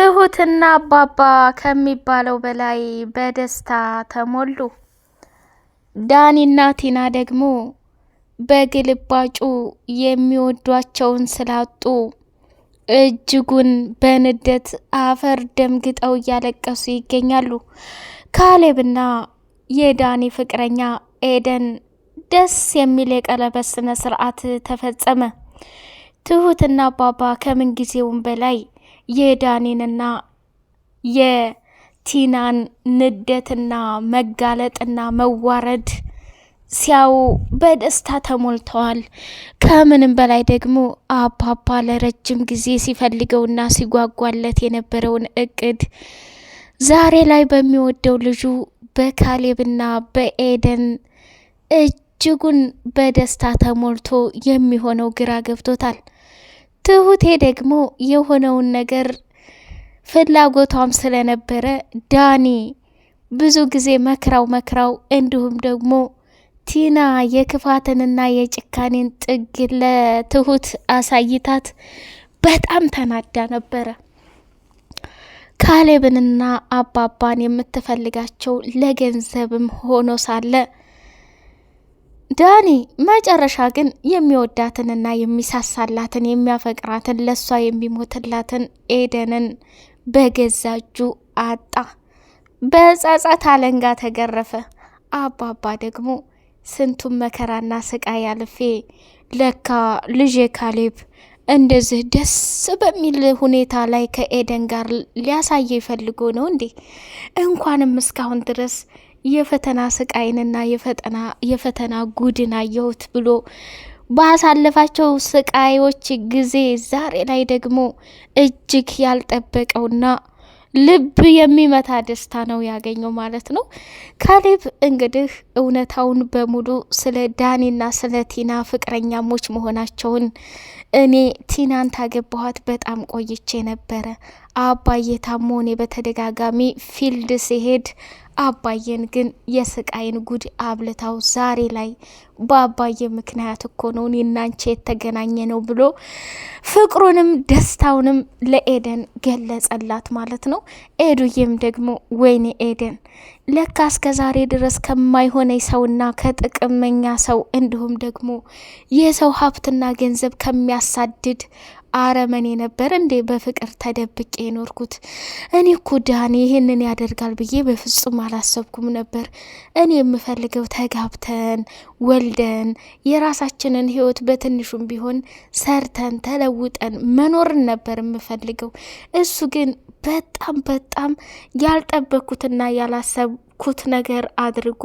ትሁትና አባባ ከሚባለው በላይ በደስታ ተሞሉ። ዳኒና ቲና ደግሞ በግልባጩ የሚወዷቸውን ስላጡ እጅጉን በንደት አፈር ደምግጠው እያለቀሱ ይገኛሉ። ካሌብና የዳኒ ፍቅረኛ ኤደን ደስ የሚል የቀለበት ስነ ስርዓት ተፈጸመ። ትሁትና አባባ ከምን ጊዜውም በላይ የዳኔንና የቲናን ንደትና መጋለጥና መዋረድ ሲያው በደስታ ተሞልተዋል። ከምንም በላይ ደግሞ አባባ ለረጅም ጊዜ ሲፈልገውና ሲጓጓለት የነበረውን እቅድ ዛሬ ላይ በሚወደው ልጁ በካሌብና በኤደን እጅጉን በደስታ ተሞልቶ የሚሆነው ግራ ገብቶታል። ትሁቴ ደግሞ የሆነውን ነገር ፍላጎቷም ስለነበረ ዳኒ ብዙ ጊዜ መክራው መክራው እንዲሁም ደግሞ ቲና የክፋትንና የጭካኔን ጥግ ለትሁት አሳይታት በጣም ተናዳ ነበረ። ካሌብንና አባባን የምትፈልጋቸው ለገንዘብም ሆኖ ሳለ ዳኒ መጨረሻ ግን የሚወዳትንና የሚሳሳላትን የሚያፈቅራትን ለእሷ የሚሞትላትን ኤደንን በገዛ እጁ አጣ። በጸጸት አለንጋ ተገረፈ። አባባ ደግሞ ስንቱን መከራና ስቃይ አልፌ ለካ ልጄ ካሌብ እንደዚህ ደስ በሚል ሁኔታ ላይ ከኤደን ጋር ሊያሳየ ይፈልጎ ነው እንዴ? እንኳንም እስካሁን ድረስ የፈተና ስቃይንና የፈተና ጉድን አየሁት ብሎ ባሳለፋቸው ስቃዮች ጊዜ ዛሬ ላይ ደግሞ እጅግ ያልጠበቀውና ልብ የሚመታ ደስታ ነው ያገኘው ማለት ነው። ካሌብ እንግዲህ እውነታውን በሙሉ ስለ ዳኒና ስለ ቲና ፍቅረኛሞች መሆናቸውን እኔ ቲናን ታገባኋት በጣም ቆይቼ ነበረ። አባዬ ታሞ እኔ በተደጋጋሚ ፊልድ ሲሄድ አባዬን ግን የስቃይን ጉድ አብልታው ዛሬ ላይ በአባዬ ምክንያት እኮ ነው እኔ የተገናኘ ነው ብሎ ፍቅሩንም ደስታውንም ለኤደን ገለጸላት ማለት ነው። ኤዱዬም ደግሞ ወይኔ ኤደን ለካ እስከ ዛሬ ድረስ ከማይሆነኝ ሰውና ከጥቅመኛ ሰው እንዲሁም ደግሞ የሰው ሀብትና ገንዘብ ከሚያሳድድ አረመኔ ነበር እንዴ በፍቅር ተደብቄ የኖርኩት? እኔ እኮ ዳኒ ይህንን ያደርጋል ብዬ በፍጹም አላሰብኩም ነበር። እኔ የምፈልገው ተጋብተን ወልደን የራሳችንን ህይወት በትንሹም ቢሆን ሰርተን ተለውጠን መኖርን ነበር የምፈልገው። እሱ ግን በጣም በጣም ያልጠበኩትና ያላሰብኩት ነገር አድርጎ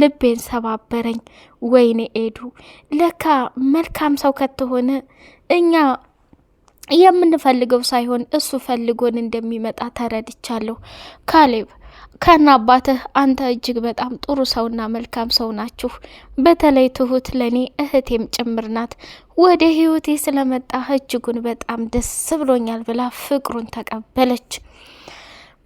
ልቤን ሰባበረኝ። ወይኔ ኤዱ፣ ለካ መልካም ሰው ከተሆነ እኛ የምንፈልገው ሳይሆን እሱ ፈልጎን እንደሚመጣ ተረድቻለሁ ካሌብ ከና አባትህ አንተ እጅግ በጣም ጥሩ ሰውና መልካም ሰው ናችሁ። በተለይ ትሁት ለእኔ እህቴም ጭምር ናት። ወደ ህይወቴ ስለመጣ እጅጉን በጣም ደስ ብሎኛል ብላ ፍቅሩን ተቀበለች።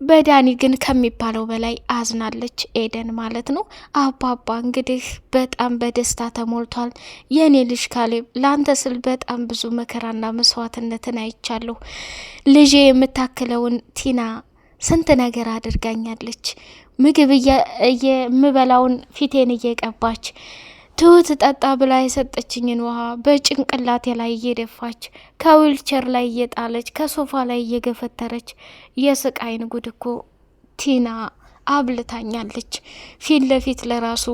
በዳኒ ግን ከሚባለው በላይ አዝናለች። ኤደን ማለት ነው። አባባ እንግዲህ በጣም በደስታ ተሞልቷል። የኔ ልጅ ካሌብ፣ ለአንተ ስል በጣም ብዙ መከራና መስዋዕትነትን አይቻለሁ። ልጄ የምታክለውን ቲና ስንት ነገር አድርጋኛለች። ምግብ የምበላውን ፊቴን እየቀባች ትሁት ጠጣ ብላ የሰጠችኝን ውሃ በጭንቅላቴ ላይ እየደፋች ከዊልቸር ላይ እየጣለች ከሶፋ ላይ እየገፈተረች የስቃይን ጉድ እኮ ቲና አብልታኛለች። ፊት ለፊት ለራሱ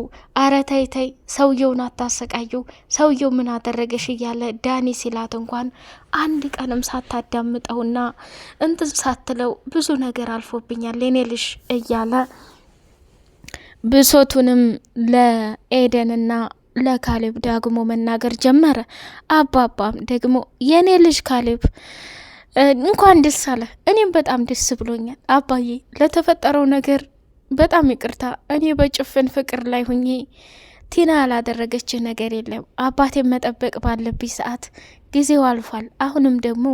አረ ሰውየውን አታሰቃየው፣ ሰውየው ምን አደረገሽ እያለ ዳኒ ሲላት እንኳን አንድ ቀንም ሳታዳምጠውና እንትን ሳትለው ብዙ ነገር አልፎብኛል የኔ ልሽ እያለ ብሶቱንም ለኤደንና ለካሌብ ዳግሞ መናገር ጀመረ። አባባም ደግሞ የኔ ልጅ ካሌብ እንኳን ደስ አለ። እኔም በጣም ደስ ብሎኛል አባዬ፣ ለተፈጠረው ነገር በጣም ይቅርታ እኔ በጭፍን ፍቅር ላይ ሁኜ ቲና ያላደረገች ነገር የለም። አባቴን መጠበቅ ባለብኝ ሰዓት ጊዜው አልፏል። አሁንም ደግሞ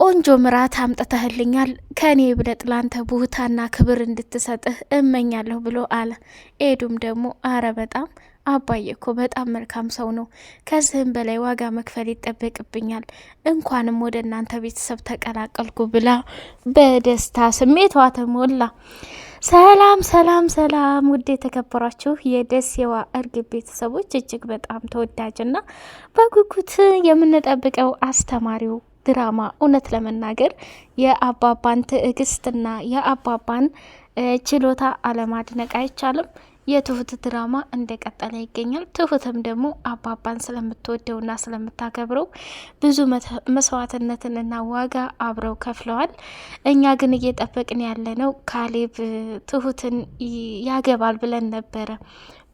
ቆንጆ ምራት አምጥተህልኛል። ከእኔ ብለጥ ላንተ ቡህታና ክብር እንድትሰጥህ እመኛለሁ ብሎ አለ። ኤዱም ደግሞ አረ በጣም አባዬ እኮ በጣም መልካም ሰው ነው። ከዚህም በላይ ዋጋ መክፈል ይጠበቅብኛል። እንኳንም ወደ እናንተ ቤተሰብ ተቀላቀልኩ ብላ በደስታ ስሜቷ ተሞላ። ሰላም ሰላም ሰላም ውድ የተከበራችሁ የደሴዋ እርግብ ቤተሰቦች እጅግ በጣም ተወዳጅና በጉጉት የምንጠብቀው አስተማሪው ድራማ እውነት ለመናገር የአባባን ትዕግስትና የአባባን ችሎታ አለማድነቅ አይቻልም። የትሁት ድራማ እንደቀጠለ ይገኛል። ትሁትም ደግሞ አባባን ስለምትወደውና ስለምታከብረው ብዙ መስዋዕትነትን እና ዋጋ አብረው ከፍለዋል። እኛ ግን እየጠበቅን ያለ ነው ካሌብ ትሁትን ያገባል ብለን ነበረ።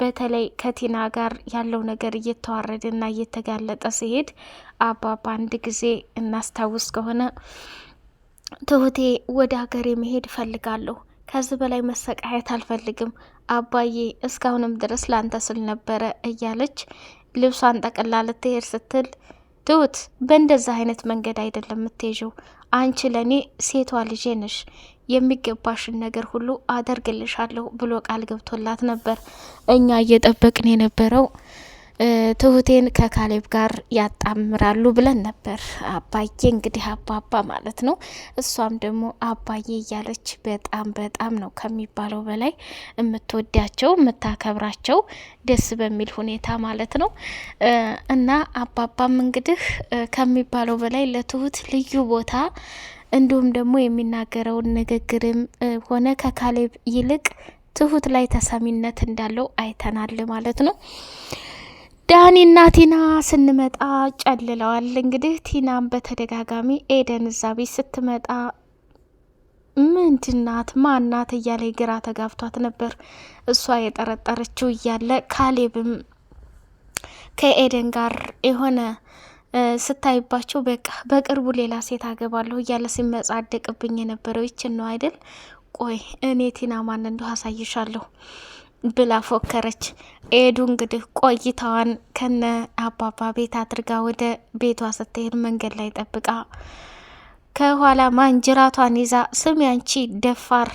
በተለይ ከቲና ጋር ያለው ነገር እየተዋረደና እየተጋለጠ ሲሄድ አባባ አንድ ጊዜ እናስታውስ ከሆነ ትሁቴ ወደ ሀገሬ መሄድ እፈልጋለሁ። ከዚህ በላይ መሰቃየት አልፈልግም። አባዬ እስካሁንም ድረስ ላንተ ስል ነበረ እያለች ልብሷን ጠቅላ ልትሄድ ስትል ትሁት በእንደዛ አይነት መንገድ አይደለም የምትሄዥው። አንቺ ለእኔ ሴቷ ልጄ ነሽ፣ የሚገባሽን ነገር ሁሉ አደርግልሻለሁ ብሎ ቃል ገብቶላት ነበር። እኛ እየጠበቅን የነበረው ትሁቴን ከካሌብ ጋር ያጣምራሉ ብለን ነበር። አባዬ እንግዲህ አባባ ማለት ነው። እሷም ደግሞ አባዬ እያለች በጣም በጣም ነው ከሚባለው በላይ የምትወዳቸው የምታከብራቸው፣ ደስ በሚል ሁኔታ ማለት ነው። እና አባባም እንግዲህ ከሚባለው በላይ ለትሁት ልዩ ቦታ እንዲሁም ደግሞ የሚናገረውን ንግግርም ሆነ ከካሌብ ይልቅ ትሁት ላይ ተሰሚነት እንዳለው አይተናል ማለት ነው። ዳኒና ቲና ስንመጣ ጨልለዋል። እንግዲህ ቲናም በተደጋጋሚ ኤደን እዛ ቤት ስትመጣ ምንድናት ማናት እያለ ግራ ተጋብቷት ነበር። እሷ የጠረጠረችው እያለ ካሌብም ከኤደን ጋር የሆነ ስታይባቸው በቃ በቅርቡ ሌላ ሴት አገባለሁ እያለ ሲመጻደቅብኝ የነበረው ይችን ነው አይደል? ቆይ እኔ ቲና ማን እንደሁ አሳይሻለሁ። ብላ ፎከረች። ኤዱ እንግዲህ ቆይታዋን ከነ አባባ ቤት አድርጋ ወደ ቤቷ ስትሄድ መንገድ ላይ ጠብቃ ከኋላ ማንጅራቷን ይዛ ስሚ አንቺ ደፋር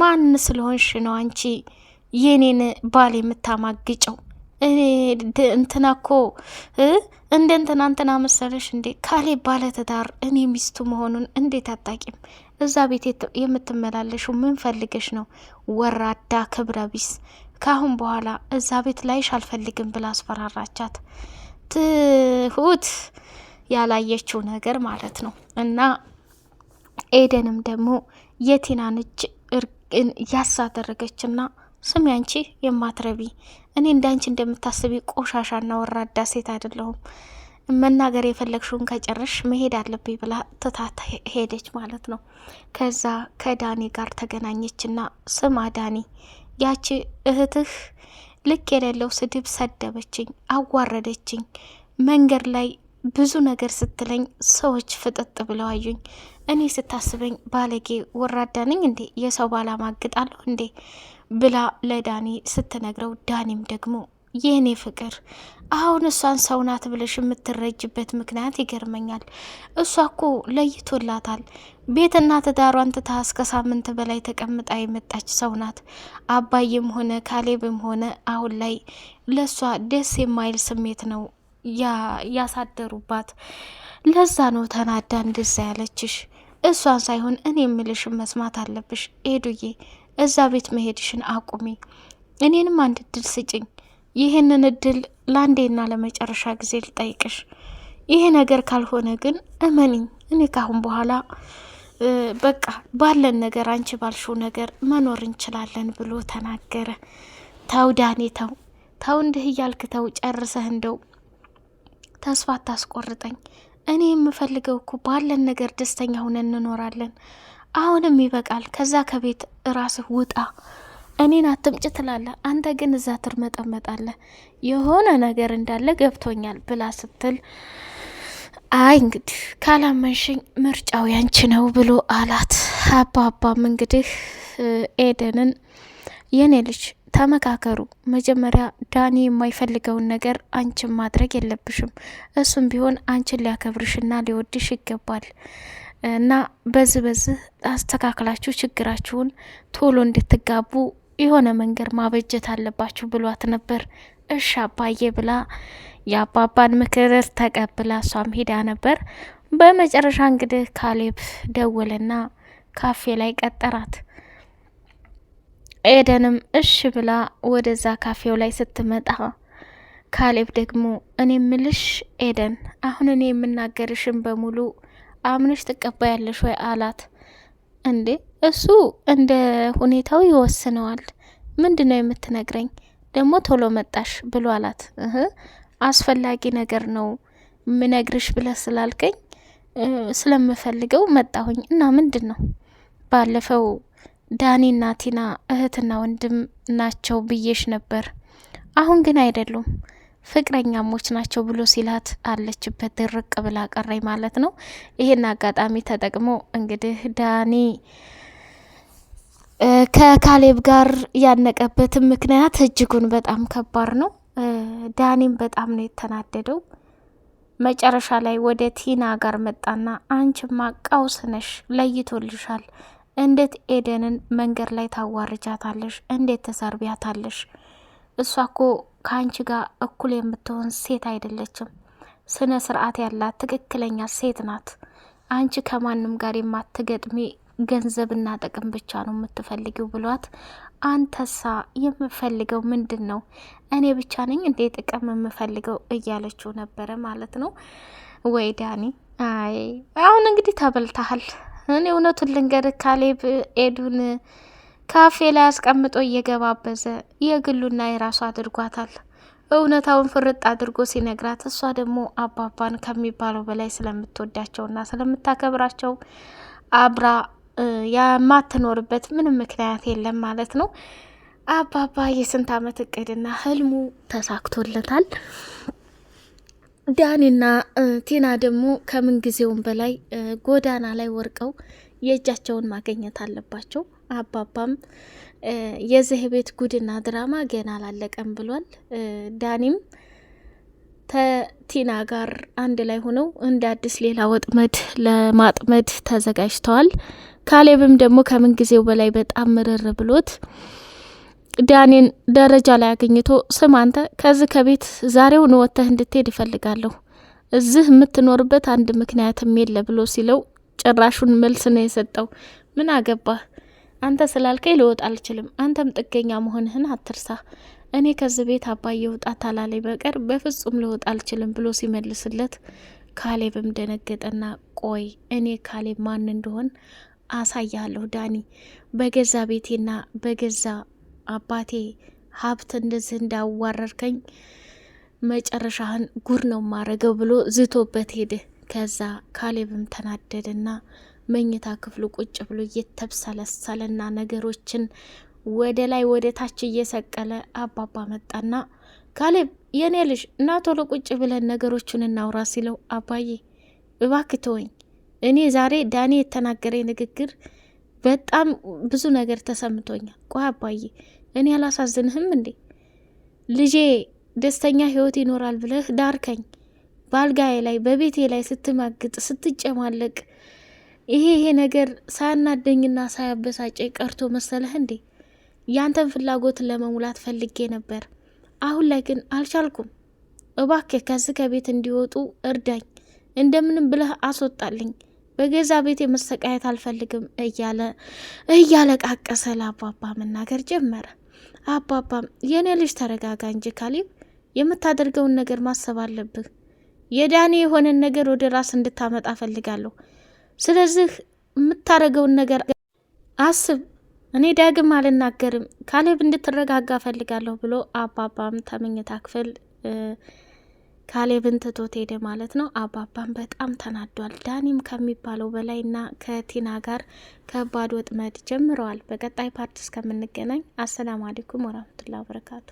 ማን ስለሆንሽ ነው አንቺ የኔን ባል የምታማግጨው? እንትና እኮ እንደ እንትና እንትና መሰለሽ እንዴ? ካሌ ባለትዳር እኔ ሚስቱ መሆኑን እንዴት አታቂም? እዛ ቤት የምትመላለሹ ምን ፈልገሽ ነው? ወራዳ ክብረ ቢስ፣ ካሁን በኋላ እዛ ቤት ላይሽ አልፈልግም ብላ አስፈራራቻት። ትሁት ያላየችው ነገር ማለት ነው። እና ኤደንም ደግሞ የቲናን እጅ ያስ አደረገችና ስሚ አንቺ የማትረቢ እኔ እንዳንቺ እንደምታስቢ ቆሻሻና ወራዳ ሴት አይደለሁም መናገር የፈለግሽውን ከጨረሽ መሄድ አለብኝ ብላ ትታት ሄደች ማለት ነው። ከዛ ከዳኒ ጋር ተገናኘችና ስማ ዳኒ፣ ያቺ እህትህ ልክ የሌለው ስድብ ሰደበችኝ፣ አዋረደችኝ። መንገድ ላይ ብዙ ነገር ስትለኝ ሰዎች ፍጥጥ ብለው አዩኝ። እኔ ስታስበኝ ባለጌ ወራዳ ነኝ እንዴ የሰው ባላማግጣለሁ እንዴ ብላ ለዳኒ ስትነግረው ዳኒም ደግሞ የእኔ ፍቅር አሁን እሷን ሰው ናት ብለሽ የምትረጅበት ምክንያት ይገርመኛል። እሷ እኮ ለይቶላታል። ቤትና ትዳሯን ትታ እስከ ሳምንት በላይ ተቀምጣ የመጣች ሰው ናት። አባይም ሆነ ካሌብም ሆነ አሁን ላይ ለእሷ ደስ የማይል ስሜት ነው ያሳደሩባት። ለዛ ነው ተናዳ እንደዛ ያለችሽ። እሷን ሳይሆን እኔ የምልሽን መስማት አለብሽ። ኤዱዬ፣ እዛ ቤት መሄድሽን አቁሚ። እኔንም አንድ ድል ስጭኝ ይህንን እድል ለአንዴና ለመጨረሻ ጊዜ ልጠይቅሽ። ይሄ ነገር ካልሆነ ግን እመኒኝ፣ እኔ ካሁን በኋላ በቃ ባለን ነገር አንቺ ባልሽው ነገር መኖር እንችላለን ብሎ ተናገረ። ተው ዳኔ ተው ተው፣ እንዲህ እያልክ ተው፣ ጨርሰህ እንደው ተስፋ አታስቆርጠኝ። እኔ የምፈልገው እኮ ባለን ነገር ደስተኛ ሁነን እንኖራለን። አሁንም ይበቃል። ከዛ ከቤት ራስህ ውጣ እኔን አትምጭ ትላለህ፣ አንተ ግን እዛ ትርመጠመጣለህ። የሆነ ነገር እንዳለ ገብቶኛል ብላ ስትል አይ እንግዲህ ካላመንሽኝ ምርጫው ያንቺ ነው ብሎ አላት። አባባም እንግዲህ ኤደንን የኔ ልጅ ተመካከሩ፣ መጀመሪያ ዳኒ የማይፈልገውን ነገር አንቺን ማድረግ የለብሽም። እሱም ቢሆን አንቺን ሊያከብርሽና ሊወድሽ ይገባል እና በዚህ በዚህ አስተካክላችሁ ችግራችሁን ቶሎ እንድትጋቡ የሆነ መንገድ ማበጀት አለባችሁ ብሏት ነበር። እሺ አባዬ ብላ የአባባን ምክር ተቀብላ እሷም ሄዳ ነበር። በመጨረሻ እንግዲህ ካሌብ ና ካፌ ላይ ቀጠራት። ኤደንም እሺ ብላ ወደዛ ካፌው ላይ ስትመጣ ካሌብ ደግሞ እኔ ምልሽ ኤደን፣ አሁን እኔ የምናገርሽን በሙሉ አምንሽ ትቀባያለሽ ወይ አላት። እንዴ እሱ እንደ ሁኔታው ይወስነዋል። ምንድን ነው የምትነግረኝ? ደግሞ ቶሎ መጣሽ ብሎ አላት። አስፈላጊ ነገር ነው ምነግርሽ ብለህ ስላልከኝ ስለምፈልገው መጣሁኝ። እና ምንድን ነው ባለፈው ዳኒና ቲና እህትና ወንድም ናቸው ብዬሽ ነበር፣ አሁን ግን አይደሉም ፍቅረኛሞች ናቸው ብሎ ሲላት አለችበት ድርቅ ብላ ቀረኝ ማለት ነው። ይሄን አጋጣሚ ተጠቅሞ እንግዲህ ዳኒ ከካሌብ ጋር ያነቀበትን ምክንያት እጅጉን በጣም ከባድ ነው። ዳኒም በጣም ነው የተናደደው። መጨረሻ ላይ ወደ ቲና ጋር መጣና አንቺማ ቀውስ ነሽ፣ ለይቶልሻል። እንዴት ኤደንን መንገድ ላይ ታዋርጃታለሽ? እንዴት ተሰርቢያታለሽ? እሷ ኮ ከአንቺ ጋር እኩል የምትሆን ሴት አይደለችም። ስነ ስርዓት ያላት ትክክለኛ ሴት ናት። አንቺ ከማንም ጋር የማትገጥሚ ገንዘብና ጥቅም ብቻ ነው የምትፈልጊው ብሏት፣ አንተሳ የምፈልገው ምንድን ነው? እኔ ብቻ ነኝ እንዴ ጥቅም የምፈልገው? እያለችው ነበረ ማለት ነው። ወይ ዳኒ፣ አይ አሁን እንግዲህ ተበልተሃል። እኔ እውነቱን ልንገር ካሌብ ኤዱን ካፌ ላይ አስቀምጦ እየገባበዘ የግሉና የራሱ አድርጓታል። እውነታውን ፍርጥ አድርጎ ሲነግራት እሷ ደግሞ አባባን ከሚባለው በላይ ስለምትወዳቸውና ስለምታከብራቸው አብራ የማትኖርበት ምንም ምክንያት የለም ማለት ነው። አባባ የስንት አመት እቅድና ህልሙ ተሳክቶለታል። ዳኒና ቲና ደግሞ ከምንጊዜውም በላይ ጎዳና ላይ ወርቀው የእጃቸውን ማገኘት አለባቸው። አባባም የዚህ ቤት ጉድና ድራማ ገና አላለቀም ብሏል። ዳኒም ከቲና ጋር አንድ ላይ ሆነው እንደ አዲስ ሌላ ወጥመድ ለማጥመድ ተዘጋጅተዋል። ካሌብም ደግሞ ከምን ጊዜው በላይ በጣም ምርር ብሎት ዳኔን ደረጃ ላይ አግኝቶ ስም አንተ ከዚህ ከቤት ዛሬውን ወጥተህ እንድትሄድ ይፈልጋለሁ እዚህ የምትኖርበት አንድ ምክንያትም የለ ብሎ ሲለው ጭራሹን መልስ ነው የሰጠው። ምን አገባህ አንተ ስላልከኝ ልወጣ አልችልም። አንተም ጥገኛ መሆንህን አትርሳ። እኔ ከዚህ ቤት አባዬ ውጣ ታላላይ በቀር በፍጹም ልወጣ አልችልም ብሎ ሲመልስለት ካሌብም ደነገጠና ቆይ እኔ ካሌብ ማን እንደሆን አሳያለሁ ዳኒ በገዛ ቤቴና በገዛ አባቴ ሀብት እንደዚህ እንዳዋረርከኝ መጨረሻህን ጉር ነው ማረገው ብሎ ዝቶበት ሄደ። ከዛ ካሌብም ተናደደና መኝታ ክፍሉ ቁጭ ብሎ እየተብሰለሰለና ነገሮችን ወደ ላይ ወደ ታች እየሰቀለ አባባ መጣና ካሌብ የኔ ልጅ እና ቶሎ ቁጭ ብለን ነገሮቹን እናውራ ሲለው፣ አባዬ እባክህ ተወኝ። እኔ ዛሬ ዳኔ የተናገረ ንግግር በጣም ብዙ ነገር ተሰምቶኛል። ቆይ አባዬ እኔ አላሳዝንህም እንዴ? ልጄ ደስተኛ ህይወት ይኖራል ብለህ ዳርከኝ። በአልጋዬ ላይ በቤቴ ላይ ስትማግጥ ስትጨማለቅ፣ ይሄ ይሄ ነገር ሳያናደኝና ሳያበሳጨ ቀርቶ መሰለህ እንዴ? ያንተን ፍላጎት ለመሙላት ፈልጌ ነበር። አሁን ላይ ግን አልቻልኩም። እባክህ ከዚህ ከቤት እንዲወጡ እርዳኝ፣ እንደምንም ብለህ አስወጣልኝ። በገዛ ቤቴ መሰቃየት አልፈልግም እያለ እያለቃቀሰ ለአባባ መናገር ጀመረ። አባባም የእኔ ልጅ ተረጋጋ እንጂ ካሌብ፣ የምታደርገውን ነገር ማሰብ አለብህ። የዳኔ የሆነን ነገር ወደ ራስ እንድታመጣ ፈልጋለሁ። ስለዚህ የምታደርገውን ነገር አስብ እኔ ዳግም አልናገርም ካሌብ እንድትረጋጋ ፈልጋለሁ ብሎ አባባም ተመኝታ ክፍል ካሌብን ትቶት ሄደ ማለት ነው። አባባም በጣም ተናዷል። ዳኒም ከሚባለው በላይ በላይና ከቲና ጋር ከባድ ወጥመድ ጀምረዋል። በቀጣይ ፓርት እስከምንገናኝ አሰላሙ አሌይኩም ወራህመቱላሂ ወበረካቱ።